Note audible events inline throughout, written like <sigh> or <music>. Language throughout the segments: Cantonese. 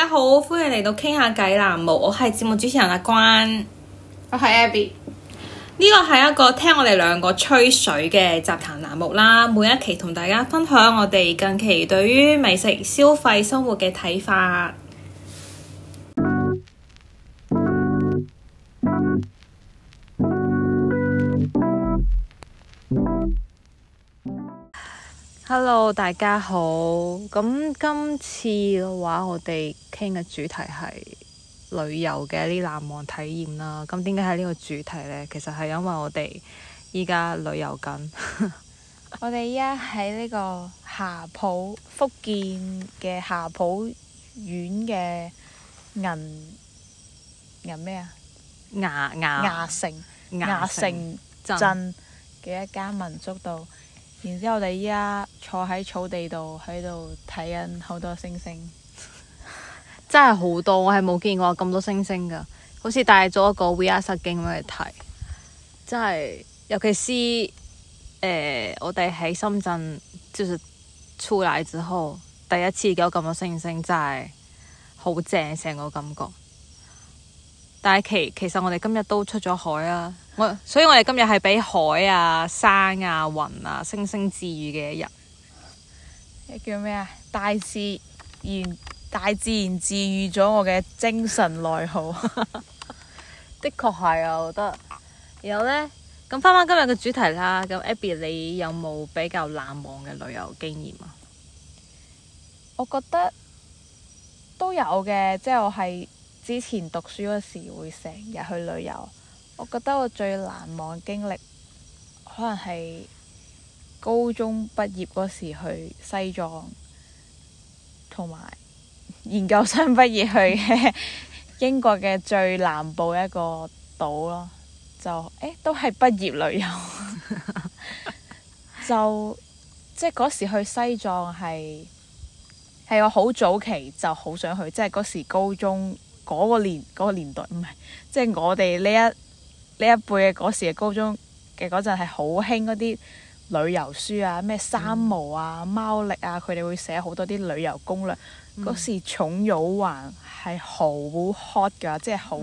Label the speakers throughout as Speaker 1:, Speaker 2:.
Speaker 1: .大家好，歡迎嚟到傾下偈欄目，我係節目主持人阿關，我係 Abby，呢個係一個聽我哋兩個吹水嘅雜談欄目啦，每一期同大家分享我哋近期對於美食、消費、生活嘅睇法。hello，大家好。咁今次嘅話，我哋傾嘅主題係旅遊嘅一啲難忘體驗啦。咁點解係呢個主題呢？其實係因為我哋依家旅遊緊 <laughs> 。
Speaker 2: 我哋依家喺呢個霞浦福建嘅霞浦縣嘅銀銀咩啊？
Speaker 1: 牙牙城牙城，牙城鎮
Speaker 2: 嘅一家民宿度。然之後，我哋依家坐喺草地度，喺度睇緊好多星星，
Speaker 1: <laughs> 真係好多，我係冇見過咁多星星噶，
Speaker 2: 好似戴
Speaker 1: 咗一個 VR 實境咁去睇，真係，尤其是、呃、我哋喺深圳，就是出來之後第一次有咁多星星，真係好正成個感覺。但係其其實我哋今日都出咗海啊，我所以我哋今日係俾海啊、山啊、雲啊、星
Speaker 2: 星治愈嘅一日。叫咩啊？大自然大自然治愈咗我嘅精神內耗。 <laughs> <laughs> 的確
Speaker 1: 係啊，我覺得。然後呢，
Speaker 2: 咁翻翻今日嘅主題啦。咁 Abby 你有冇
Speaker 1: 比較難忘嘅旅遊經驗啊？
Speaker 2: 我覺得都有嘅，即係我係。之前讀書嗰時會成日去旅遊，我覺得我最難忘經歷可能係高中畢業嗰時去西藏，同埋研究生畢業去英國嘅最南部一個島咯。就誒、欸，都係畢業旅遊， <laughs> 就即係嗰時去西藏係係我好早期就好想去，即係嗰時高中。嗰個年、嗰個年代唔係，即係我哋呢一呢一輩嘅嗰時嘅高中嘅嗰陣係好興嗰啲旅遊書啊，咩三毛啊、貓、嗯、力啊，佢哋會寫好多啲旅遊攻略。嗰、嗯、時重遊環係好 hot 噶，即係好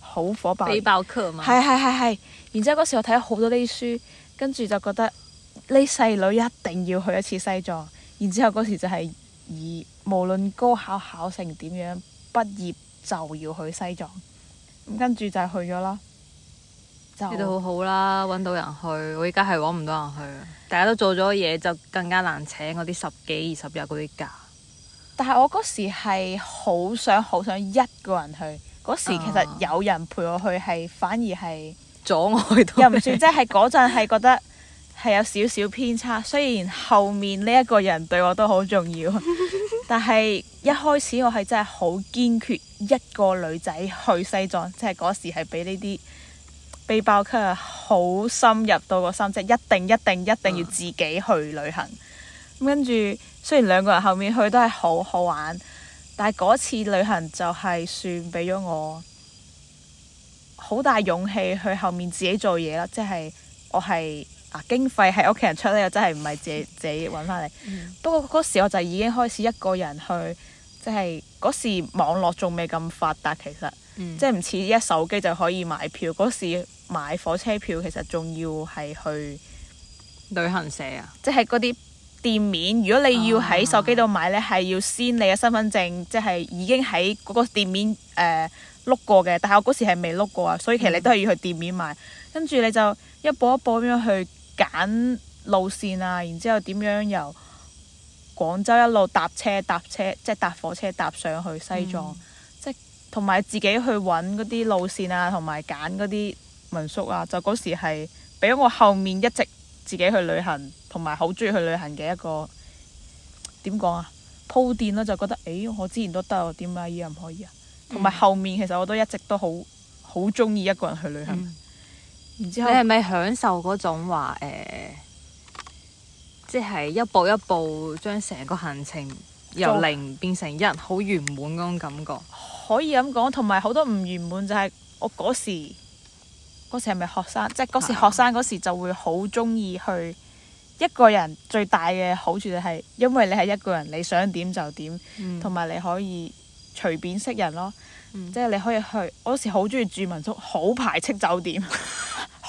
Speaker 2: 好火爆。背包客嘛，係係係係。然之後嗰時我睇咗好多呢啲書，跟住就覺得呢細女一定要去一次西藏。然之後嗰時就係以無論高考考成點樣，畢業。就要去西藏，咁、嗯、跟住就去咗啦。
Speaker 1: 去到好好啦，揾就到人去。我依家係揾唔到人去，大家都做咗嘢，就更加難請嗰啲十幾二十日嗰啲假。
Speaker 2: 但係我嗰時係好想好想一個人去。嗰時其實有人陪我去，係反而係、啊、阻礙
Speaker 1: 到。又唔算，即
Speaker 2: 係嗰陣係覺得係有少少偏差。雖然後面呢一個人對我都好重要。 <laughs> 但係一開始我係真係好堅決，一個女仔去西藏，即係嗰時係俾呢啲被爆擊啊，好深入到個心，即係一定一定一定要自己去旅行。咁跟住雖然兩個人後面去都係好好玩，但係嗰次旅行就係算俾咗我好大勇氣去後面自己做嘢啦，即係我係。嗱、啊，經費係屋企人出咧，又真係唔係自己揾翻嚟。嗯、不過嗰時我就已經開始一個人去，即係嗰時網絡仲未咁發達，其實、嗯、即係唔似一手機就可以買票。嗰時買火車票其實仲要係去旅行社啊，即係嗰啲店面。如果你要喺手機度買咧，係、啊、要先你嘅身份證，即係、啊、已經喺嗰個店面誒碌、呃、過嘅。但係我嗰時係未碌過啊，所以其實你都係要去店面買，嗯、跟住你就一步一步咁樣去。揀路線啊，然之後點樣由廣州一路搭車搭車，即係搭火車搭上去西藏，嗯、即係同埋自己去揾嗰啲路線啊，同埋揀嗰啲民宿啊，嗯、就嗰時係俾咗我後面一直自己去旅行，同埋好中意去旅行嘅一個點講啊鋪墊囉。就覺得誒、哎，我之前都得，我點解而家唔可以啊？同埋、嗯、後面其實我都一直都好好中意一個人去旅行。嗯你係咪享受嗰種話誒，即、呃、係、
Speaker 1: 就是、一步一步將成個行程由零變成一，好
Speaker 2: 圓滿嗰種感覺？可以咁講，同埋好多唔圓滿就係我嗰時，嗰時係咪學生？的即係嗰時學生嗰時就會好中意去一個人。最大嘅好處就係因為你係一個人，你想點就點，同埋、嗯、你可以隨便識人咯。嗯、即係你可以去，我嗰時好中意住民宿，好排斥酒店。 <laughs>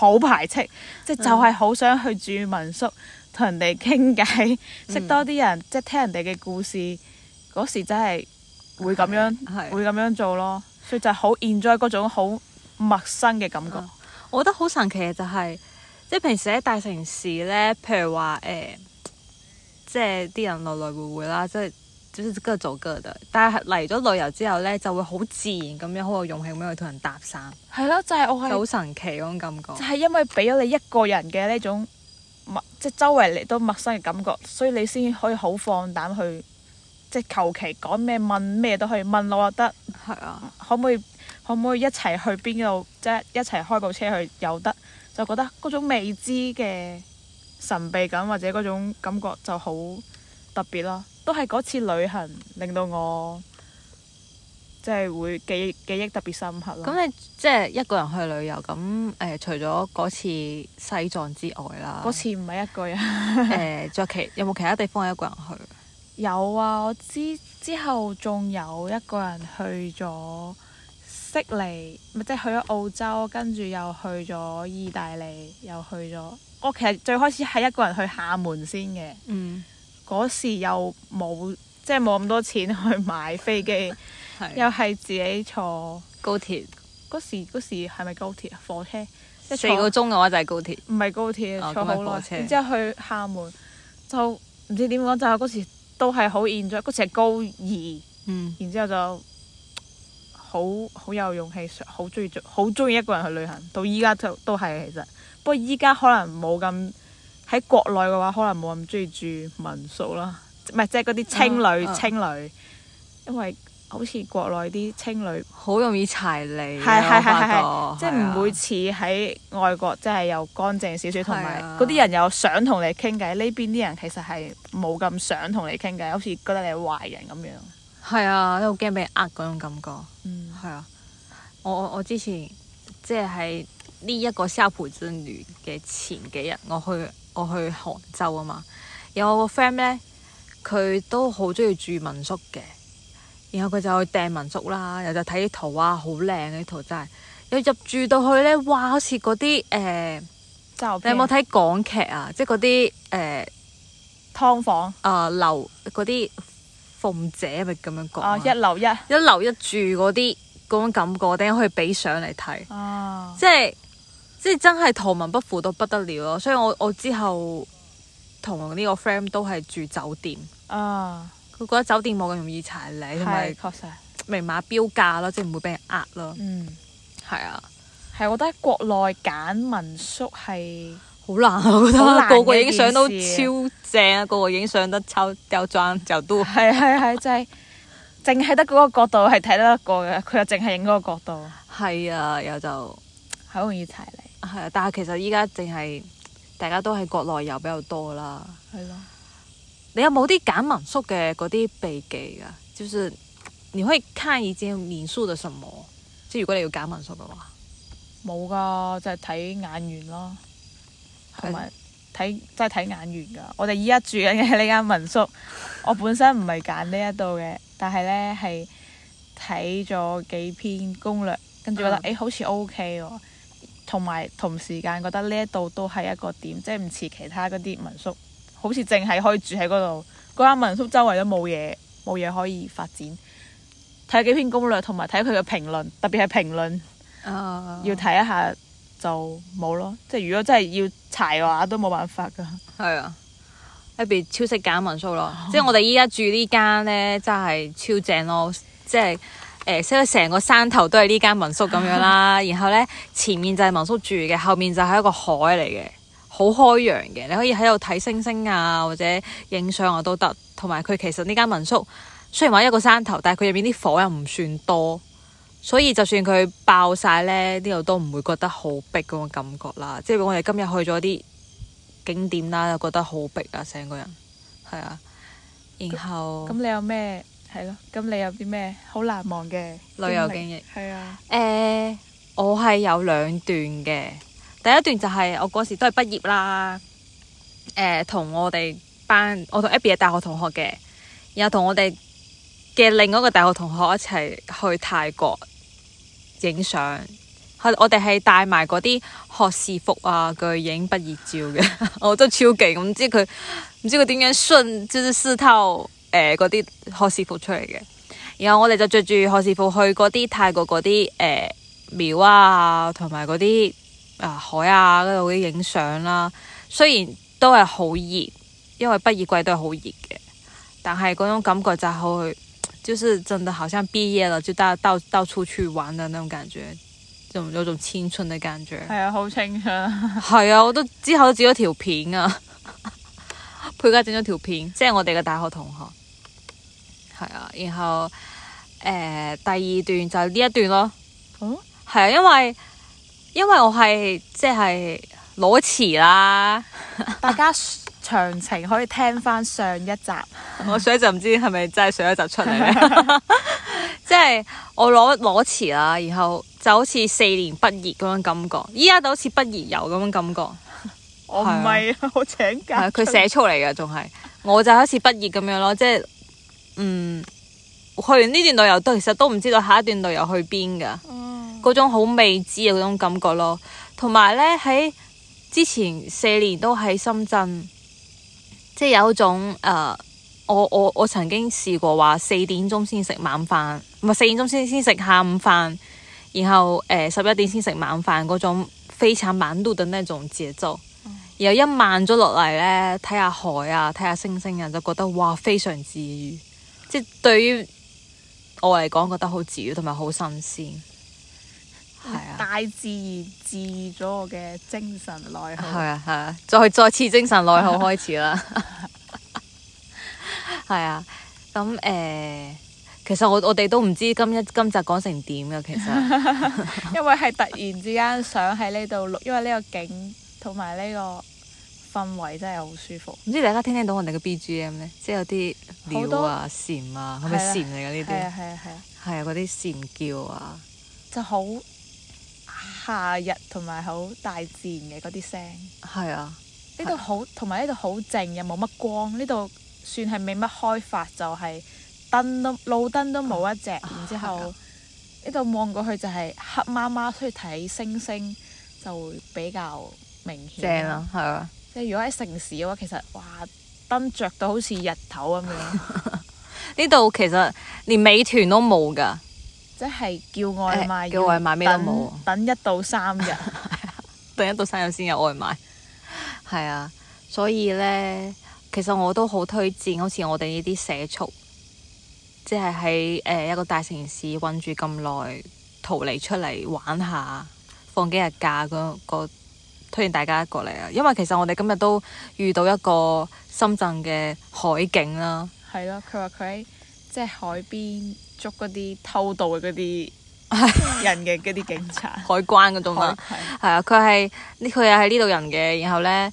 Speaker 2: 冇排斥，即係就係好想去住民宿，同人哋傾偈，識多啲人，嗯、即係聽人哋嘅故事。嗰時真係會咁樣，會咁樣做咯。所以就係好，享受嗰種好陌生嘅感覺、嗯。我覺得好神奇嘅就係、是，即係平時喺大城市呢，譬如話
Speaker 1: 誒、呃，即係啲人來來回回啦，即係。即係各做各嘅，但係嚟咗旅遊之後呢，就會好自然咁樣，好有勇氣咁樣去同人搭訕。
Speaker 2: 係咯，就係、是、我係好神
Speaker 1: 奇嗰種感覺。就係
Speaker 2: 因為俾咗你一個人嘅呢種，即係周圍嚟都陌生嘅感覺，所以你先可以好放膽去，即係求其講咩問咩都可以問，我又得。係啊的。可唔可以？可唔可以一齊去邊度？即係一齊開部車去又得，就覺得嗰種未知嘅神秘感，或者嗰種感覺就好特別咯。都係嗰次旅行令到我即係會記憶記憶特別深刻啦。咁你即係一個人去旅
Speaker 1: 遊咁？誒、呃，除咗嗰次西藏之外啦，嗰次唔係一個人。誒、 <laughs> 呃，再其有冇其他地方係一個人去？
Speaker 2: <laughs> 有啊，我之之後仲有一個人去咗悉尼，咪即係去咗澳洲，跟住又去咗意大利，又去咗。我其實最開始係一個人去廈門先嘅。嗯。嗰時又冇，即係冇咁多錢去買飛機，的又係自己坐高鐵。嗰時嗰時係咪高鐵啊？火車，一四個鐘
Speaker 1: 嘅話就係高鐵。唔係高鐵，哦、坐好耐車。鐵然之後
Speaker 2: 去廈門，就唔知點講，就係嗰時都係好 enjoy。嗰時係高二，然之後就好好有勇氣，好中意，好中意一個人去旅行。到依家就都係其實，不過依家可能冇咁。喺國內嘅話，可能冇咁中意住民宿啦，唔係即係嗰啲青旅、啊啊、青旅，因為好似國內啲青旅好容易柴你、啊，係係係係係，啊、即係唔會似喺外國，即係又乾淨少少，同埋嗰啲人又想同你傾偈。呢、啊、邊啲人其實係冇咁想同你傾偈，好似覺得你係壞人咁樣。係啊，都好驚俾人呃嗰種感覺。嗯，係啊，我我之前即係。
Speaker 1: 呢一個沙浦鎮聯嘅前幾日，我去我去杭州啊嘛，有我個 friend 咧，佢都好中意住民宿嘅，然後佢就去訂民宿啦，又就睇啲圖啊，好靚嘅啲圖真係，又入住到去咧，哇！好似嗰啲誒，呃、相片你有冇睇港劇啊？即係嗰啲誒湯房啊樓嗰啲鳳姐咪咁樣講一樓一，一樓一住嗰啲嗰種感覺，啲人可以俾相嚟睇，即係、oh. 就是。即係真係圖文不符到不得了咯。所以我我之後同呢個 friend 都係住酒店啊。佢覺得酒店冇咁容易踩你，同
Speaker 2: 埋明碼標價咯，即係唔會俾人呃咯。嗯，係啊，係我覺得國內揀民宿係好難，我覺得個個影相都超
Speaker 1: 正，個個影相得抽雕裝就都係係
Speaker 2: 係，就係淨係得嗰個角度係睇得過嘅，佢又淨係影嗰個角度係啊，又就
Speaker 1: 好容易踩你。係啊，但係其實依家淨係大家都係國內遊比較多啦。係咯的。你有冇啲揀民宿嘅嗰啲秘技啊？就算、是、你可以看一間民宿的什麼？即、就、係、是、如果你要揀民宿嘅話，冇
Speaker 2: 噶，就係、是、睇眼緣咯。同埋睇，真係睇眼緣噶。嗯、我哋依家住緊嘅呢間民宿， <laughs> 我本身唔係揀呢一度嘅，但係咧係睇咗幾篇攻略，跟住覺得誒、嗯欸、好似 O K 喎。同埋同時間覺得呢一度都係一個點，即係唔似其他嗰啲民宿，好似淨係可以住喺嗰度。嗰間民宿周圍都冇嘢，冇嘢可以發展。睇幾篇攻略，同埋睇佢嘅評論，特別係評論，uh, 要睇一下就冇咯。即係如果真係要柴嘅話，都冇辦法噶。係啊，特別超識揀民宿咯。Oh. 即係我哋
Speaker 1: 依家住呢間呢，真係超正咯。即係。誒，所以成個山頭都係呢間民宿咁樣啦， <laughs> 然後呢，前面就係民宿住嘅，後面就係一個海嚟嘅，好開揚嘅，你可以喺度睇星星啊，或者影相我都得。同埋佢其實呢間民宿雖然話一個山頭，但係佢入面啲火又唔算多，所以就算佢爆晒呢，呢度都唔會覺得好逼咁嘅感覺啦。即係我哋今日去咗啲景點啦，就覺得好逼啊，成個人係啊，然後咁
Speaker 2: 你有咩？係咯，咁你有啲咩好難忘嘅旅遊經
Speaker 1: 歷？係啊，誒、欸，我係有兩段嘅。第一段就係、是、我嗰時都係畢業啦，誒、欸，同我哋班，我同 Abbie 係大學同學嘅，然後同我哋嘅另一個大學同學一齊去泰國影相。我我哋係帶埋嗰啲學士服啊，佢影畢業照嘅。 <laughs> 我真係超勁！我唔知佢，唔知佢點樣順，就是私偷。誒，嗰啲，呃、學士服出嚟嘅，然後我哋就着住學士服去嗰啲泰國嗰啲誒廟啊，同埋嗰啲啊海啊嗰度嗰啲影相啦。雖然都係好熱，因為畢業季都係好熱嘅，但係嗰種感覺就係、是、好，就是真的好像畢業了就到到到處去玩的那種感覺，種有種青春嘅感覺。係、
Speaker 2: 嗯、啊，好青春。
Speaker 1: 係 <laughs> 啊，我都之後都剪咗條片啊， <laughs> 佩嘉剪咗條片，即、就、係、是、我哋嘅大學同學。係啊，然後誒，第二段就呢一段咯。嗯，係啊，因為因為我係即係攞詞啦。大家詳情可以聽翻上一集。我所以就唔知係咪真係上一集出嚟咧，即係我攞攞詞啦，然後就好似四年畢業咁樣感覺，依家就好似畢業遊咁樣感覺。
Speaker 2: 我唔係啊，我請假。佢寫出
Speaker 1: 嚟嘅仲係，我就好似畢業咁樣咯，即係。嗯，去完呢段旅遊，都其實都唔知道下一段旅遊去邊噶，嗰、嗯、種好未知嘅嗰種感覺咯。同埋呢，喺之前四年都喺深圳，即、就、係、是、有一種誒、呃，我我我曾經試過話四點鐘先食晚飯，唔係四點鐘先先食下午飯，然後誒十一點先食晚飯嗰種非常晚到的那種節奏。嗯、然後一慢咗落嚟呢，睇下海啊，睇下星星啊，就覺得哇非常治愈。即係對於我嚟講，覺得好治愈，同埋好新鮮，
Speaker 2: 係啊，大自然治愈咗我嘅精神內耗，係啊，係啊，再再次精神內耗開始
Speaker 1: 啦，係 <laughs> <laughs> 啊，咁誒、呃，其實我我哋都唔知今一今集講成點噶，其實，
Speaker 2: <laughs> 因為係突然之間想喺呢度錄，因為呢個景同埋呢個。氛圍真係好舒服，唔知
Speaker 1: 大家聽唔聽到我哋嘅 B G M 咧，即係有啲鳥啊、蟬
Speaker 2: 多啊，係咪蟬嚟
Speaker 1: 㗎呢啲？係啊係啊係啊，係啊嗰啲蟬叫啊，
Speaker 2: 就好夏日同埋好大自然嘅嗰啲聲。係啊，呢度好同埋呢度好靜，又冇乜光。呢度算係未乜開發，就係燈都路燈都冇一隻。啊、然之後呢度望過去就係黑麻麻，出去睇星星就會比較明顯。正啊，係啊。即係如果喺城市嘅話，其實哇，燈着到好似日頭咁樣。
Speaker 1: 呢度 <laughs> 其實連美團都冇噶，
Speaker 2: 即係叫外賣、欸，叫外賣咩都冇。等一到三日， <laughs> 等一到三日先有外賣。係 <laughs> 啊，所以呢，
Speaker 1: 其實我都好推薦，好似我哋呢啲社畜，即係喺誒一個大城市困住咁耐，逃離出嚟玩下，放幾日假推薦大家過嚟啊！因為其實我哋今日都遇到一個深圳嘅海警啦。
Speaker 2: 係咯，佢話佢喺即係海邊捉嗰啲偷渡嗰啲人嘅嗰啲警察、 <laughs> 海關嗰種啦。
Speaker 1: 係啊海，佢係佢又喺呢度人嘅。然後呢，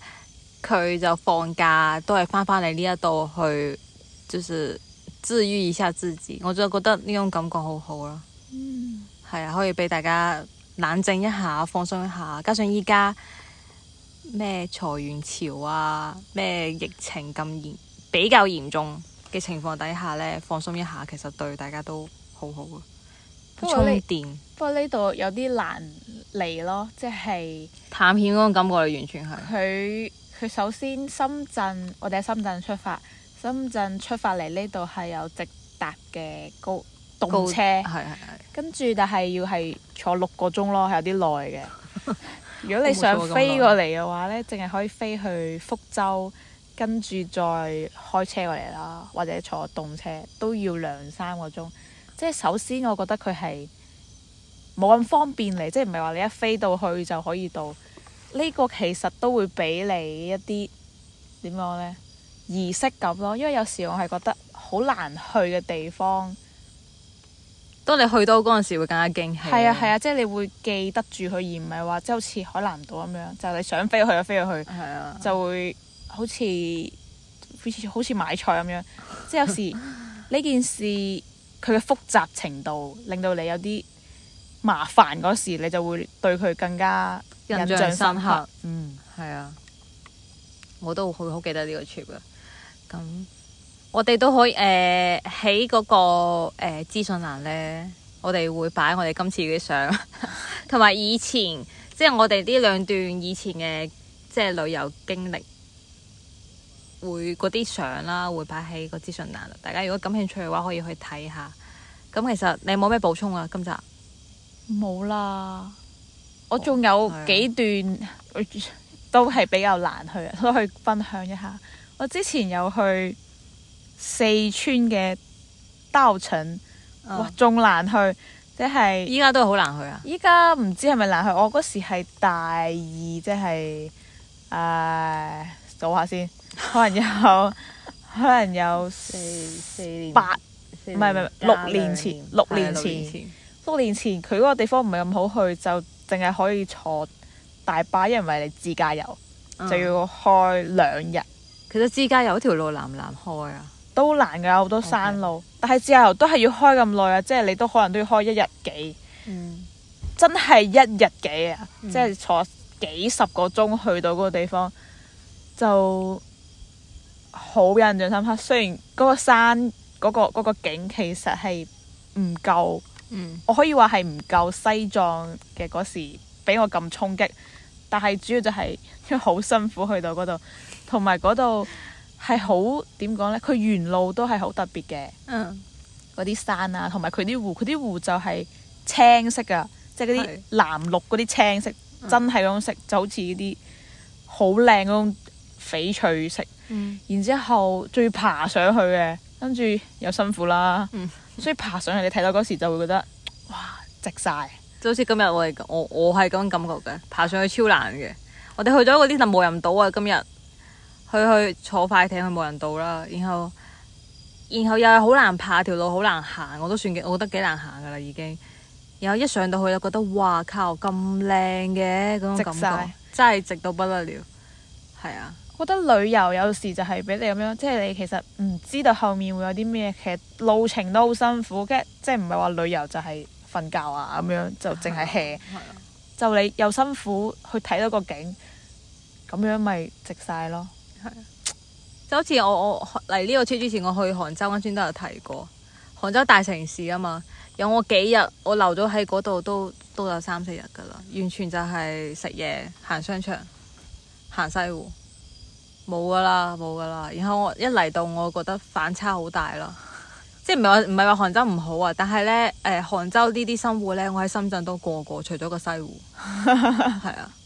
Speaker 1: 佢就放假都係翻返嚟呢一度去，就是治癒一下自己。我就覺得呢種感覺好好咯。嗯，係啊，可以俾大家冷靜一下、放鬆一下。加上依家咩裁員潮啊，咩疫情咁嚴，比較嚴重嘅情況底下呢，放鬆一下，其實對大家都好好啊。充電。
Speaker 2: 不過呢度有啲難嚟咯，即係
Speaker 1: 探險嗰種感覺，完全係。
Speaker 2: 佢佢首先深圳，我哋喺深圳出發，深圳出發嚟呢度係有直達嘅高動車，對對對對，跟住但係要係坐六個鐘咯，係有啲耐嘅。 <laughs> 如果你想飛過嚟嘅話呢，淨係可以飛去福州，跟住再開車過嚟啦，或者坐動車都要兩三個鐘。即係首先我覺得佢係冇咁方便嚟，即係唔係話你一飛到去就可以到呢個，其實都會俾你一啲點講呢儀式感咯。因為有時我係覺得好難去嘅地方。
Speaker 1: 當你去到嗰陣時，會更加驚喜，啊。係啊係
Speaker 2: 啊，即係你會記得住佢，而唔係話即係好似海南島咁樣，就係你想飛去就飛去去，啊、就會好似好似好似買菜咁樣。即係有時呢 <laughs> 件事佢嘅複雜程度，令到你有啲麻煩嗰時，你就會對佢更加印象深刻。深刻，嗯，係啊，我都會好記得呢個 trip
Speaker 1: 啊。咁。我哋都可以誒，喺、呃、嗰、嗰個誒、呃、資訊欄咧，我哋會擺我哋今次嗰啲相，同埋以前即係我哋呢兩段以前嘅即係旅遊經歷會嗰啲相啦，會擺喺個資訊欄。大家如果感興趣嘅話，可以去睇下。咁其實你冇咩補充啊？今集
Speaker 2: 冇啦，了我仲有幾段了 <laughs> 都係比較難去，啊，都去分享一下。我之前有去。四川嘅稻城哇，仲難去，即係依家都好難去啊！依家唔知係咪難去？我嗰時係大二，即係誒數下先，可能有 <laughs> 可能有 8, 四年四八，唔係唔係，六年前，六年前六年前佢嗰個地方唔係咁好去，就淨係可以坐大巴，因為你自駕遊，嗯、就要開兩日。其實自駕遊嗰條路難唔難開啊？都難噶，好多山路，Okay. 但係自駕都係要開咁耐啊，即係你都可能都要開一日幾，嗯、真係一日幾啊！嗯、即係坐幾十個鐘去到嗰個地方，就好印象深刻。雖然嗰個山嗰、嗰個、嗰個景其實係唔夠，嗯、我可以話係唔夠西藏嘅嗰時俾我咁衝擊，但係主要就係、係、因為好辛苦去到嗰度，同埋嗰度。 <laughs> 係好點講咧？佢沿路都係好特別嘅，嗰啲、嗯、山啊，同埋佢啲湖，佢啲湖就係青色啊，即係嗰啲藍綠嗰啲青色，嗯、真係嗰種色，就好似嗰啲好靚嗰種翡翠色。嗯、然之後最爬上去嘅，跟住又辛苦啦。嗯、所以爬上去你睇到嗰時就會覺得，哇，值晒！就好似今日我哋，我我係咁感覺嘅，
Speaker 1: 爬上去超難嘅。我哋去咗嗰啲就冇人島啊，今日。去去坐快艇去冇人島啦，然後然後又係好難爬條路，好難行。我都算，我覺得幾難行噶啦已經。然後一上到去就覺得哇靠咁靚嘅嗰
Speaker 2: 種感覺真係直到不得了。係啊，覺得旅遊有時就係俾你咁樣，即係你其實唔知道後面會有啲咩，其實路程都好辛苦。跟即係唔係話旅遊就係瞓覺啊咁、嗯、樣，就淨係 hea 就你又辛苦去睇到個景，咁樣咪直晒咯。
Speaker 1: 就好似我我嚟呢個車之前，我去杭州啱先都有提過，杭州大城市啊嘛，有我幾日我留咗喺嗰度都都有三四日噶啦，完全就係食嘢、行商場，行西湖，冇噶啦冇噶啦，然後我一嚟到我覺得反差好大啦，即係唔係話唔係話杭州唔好啊，但係呢，誒杭州呢啲生活呢，我喺深圳都過過，除咗個西湖，係啊。 <laughs> <laughs>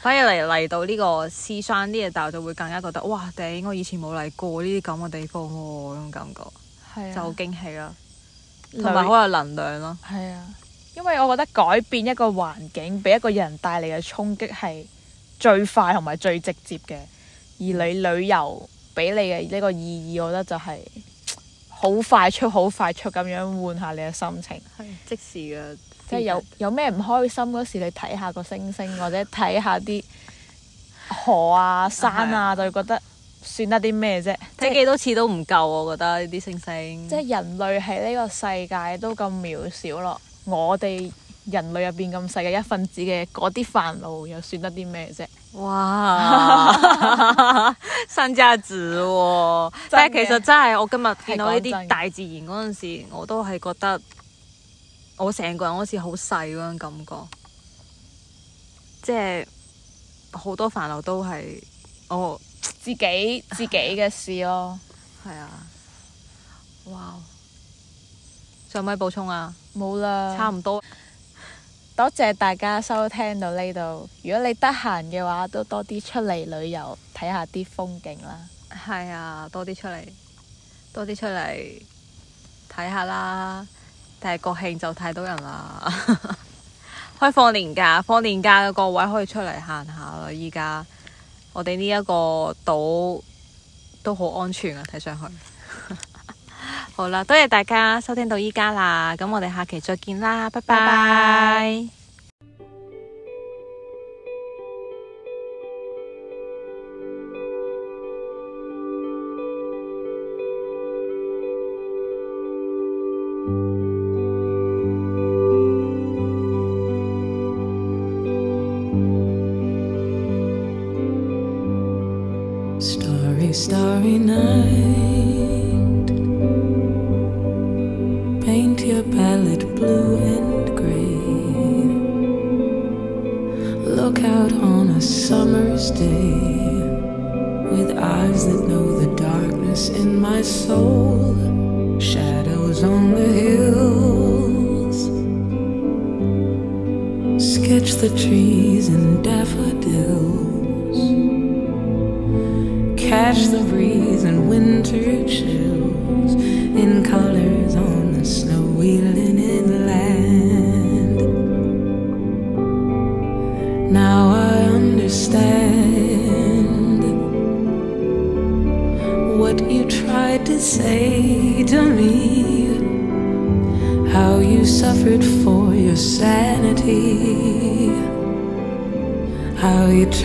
Speaker 1: 反而嚟嚟到呢個四川啲嘢，大我就會更加覺得，哇！頂，我以前冇嚟
Speaker 2: 過呢啲咁嘅地方喎，咁感覺，係啊、就好驚喜咯，同埋好有能量咯。係啊，因為我覺得改變一個環境，俾一個人帶嚟嘅衝擊係最快同埋最直接嘅。而你旅，旅遊俾你嘅呢個意義，我覺得就係好快速、好快速咁樣換下你嘅心情，
Speaker 1: 即時嘅。即係有
Speaker 2: 有咩唔開心嗰時，你睇下個星星，或者睇下啲河啊、山啊，就會覺得算得啲咩啫？睇、嗯、是幾多次都唔夠，我覺得呢啲星星。即係人類喺呢個世界都咁渺小咯，我哋人類入邊咁細嘅一份子嘅嗰啲煩惱，又算得啲咩啫？哇！
Speaker 1: 身價 <laughs> <laughs> 子喎、哦！即係的其實真係我今日見到呢啲大自然嗰陣時，我都係覺得。我成個人好似好細嗰種感覺，即係好多煩惱都係我、哦、自己自己嘅
Speaker 2: 事咯、哦。係 <laughs> 啊，哇！仲有咩補充啊？冇啦了，差唔多。多謝大家收聽到呢度。如果你得閒嘅話，都多啲出嚟旅遊睇下啲風景啦。係
Speaker 1: 啊，多啲出嚟，多啲出嚟睇下啦。但係國慶就太多人啦，開 <laughs> 放年假，放年假嘅各位可以出嚟行下啦。而家我哋呢一個島都好安全嘅，啊，睇上去。 <laughs> 好啦，多謝大家收聽到而家啦，咁我哋下期再見啦，拜拜。Bye bye